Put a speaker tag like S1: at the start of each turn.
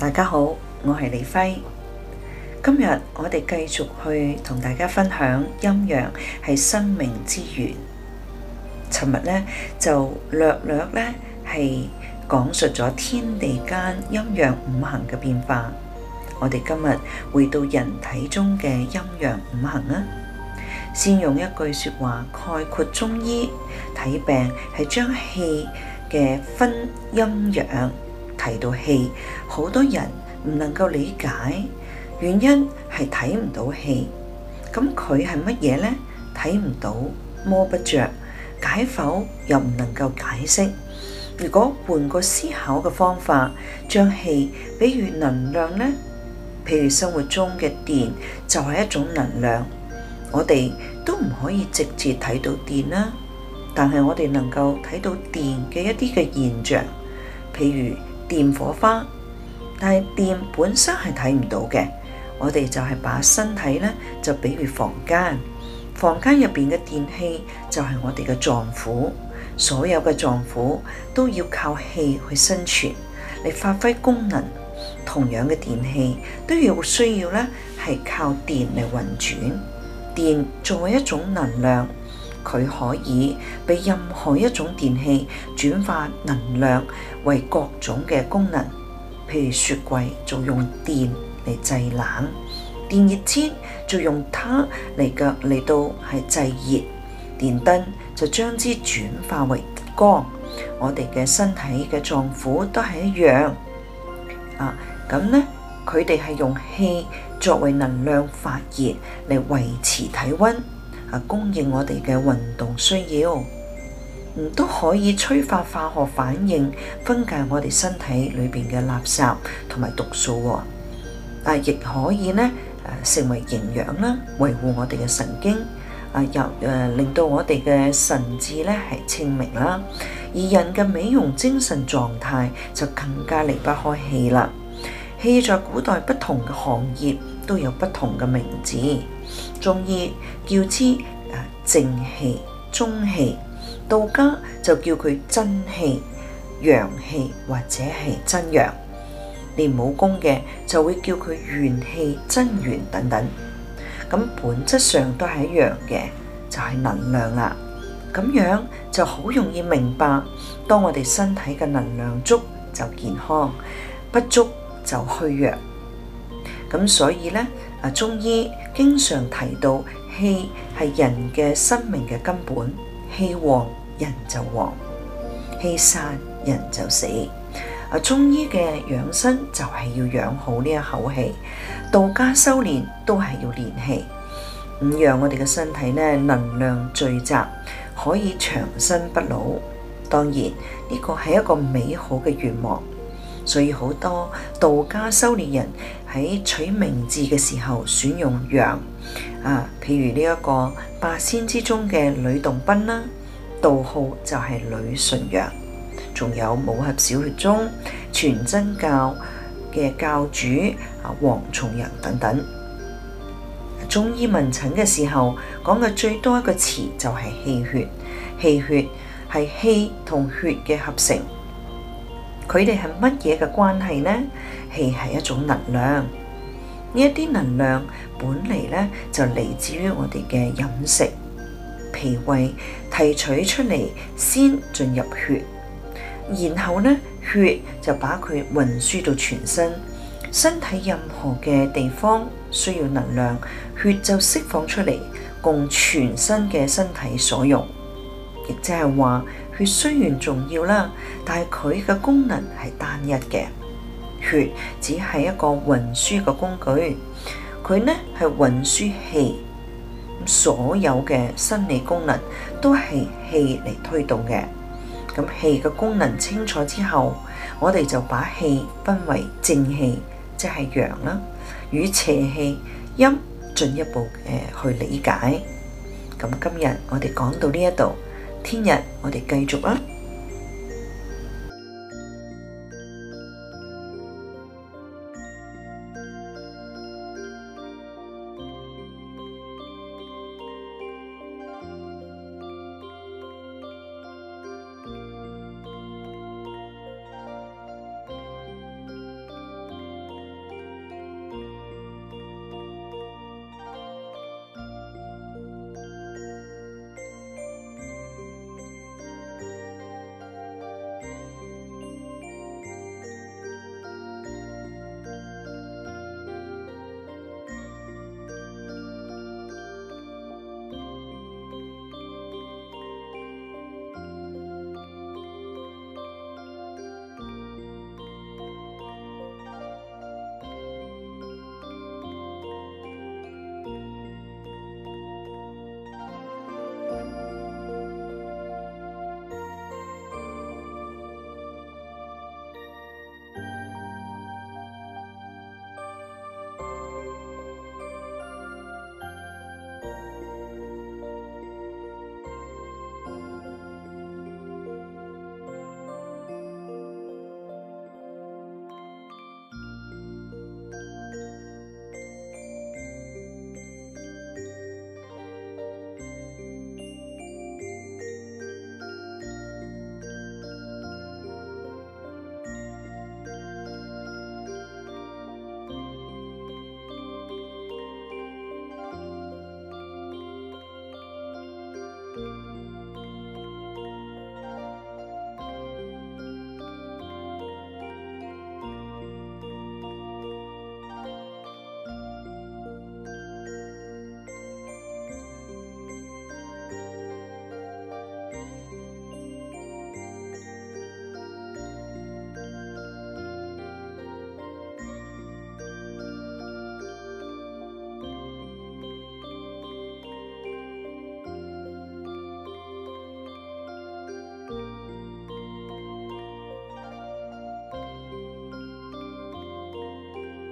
S1: 大家好，我係李輝。今日我哋繼續去同大家分享陰陽係生命之源。尋日呢就略略呢係講述咗天地間陰陽五行嘅變化。我哋今日回到人體中嘅陰陽五行啊。先用一句說話概括中醫睇病係將氣嘅分陰陽。提到氣，好多人唔能夠理解，原因係睇唔到氣。咁佢係乜嘢呢？睇唔到，摸不著，解剖又唔能夠解釋。如果換個思考嘅方法，將氣，比如能量呢，譬如生活中嘅電就係一種能量，我哋都唔可以直接睇到電啦，但係我哋能夠睇到電嘅一啲嘅現象，譬如，電火花，但係電本身係睇唔到嘅。我哋就係把身體呢，就比喻房間，房間入面嘅電器就係我哋嘅臟腑，所有嘅臟腑都要靠氣去生存嚟發揮功能。同樣嘅電器都要需要呢，係靠電嚟運轉。電作為一種能量。佢可以俾任何一種電器轉化能量為各種嘅功能，譬如雪櫃就用電嚟製冷，電熱毯就用它嚟嘅嚟到係製熱，電燈就將之轉化為光。我哋嘅身體嘅臟腑都係一樣啊！咁咧，佢哋係用氣作為能量發熱嚟維持體温。啊，供應我哋嘅運動需要，唔都可以催化化學反應，分解我哋身體裏邊嘅垃圾同埋毒素喎。啊，亦可以咧，誒、啊、成為營養啦，維護我哋嘅神經，啊又誒、呃、令到我哋嘅神智咧係清明啦、啊。而人嘅美容精神狀態就更加離不開氣啦。氣在古代不同嘅行業，都有不同嘅名字，中醫叫之誒正氣、中氣；道家就叫佢真氣、陽氣或者係真陽；練武功嘅就會叫佢元氣、真元等等。咁本質上都係一樣嘅，就係、是、能量喇。咁樣就好容易明白，當我哋身體嘅能量足就健康，不足就虛弱。咁所以咧，啊，中醫經常提到氣係人嘅生命嘅根本，氣旺人就旺，氣散人就死。啊，中醫嘅養生就係要養好呢一口氣，道家修煉都係要練氣，咁讓我哋嘅身體咧能量聚集，可以長生不老。當然呢個係一個美好嘅願望，所以好多道家修煉人，喺取名字嘅時候選用陽啊，譬如呢一個八仙之中嘅呂洞賓啦，道號就係呂純陽，仲有武俠小說中全真教嘅教主啊王重陽等等。中醫問診嘅時候講嘅最多一個詞就係氣血，氣血係氣同血嘅合成。佢哋係乜嘢嘅關係呢？氣係一種能量，呢一啲能量本嚟咧就嚟自於我哋嘅飲食、脾胃提取出嚟，先進入血，然後咧血就把佢運輸到全身，身體任何嘅地方需要能量，血就釋放出嚟，供全身嘅身體所用，亦即係話。血雖然重要啦，但係佢嘅功能係單一嘅，血只係一個運輸嘅工具。佢呢係運輸氣，所有嘅生理功能都係氣嚟推動嘅。咁氣嘅功能清楚之後，我哋就把氣分為正氣，即係陽啦，與邪氣陰進一步誒、呃、去理解。咁今日我哋講到呢一度。聽日我哋繼續啦。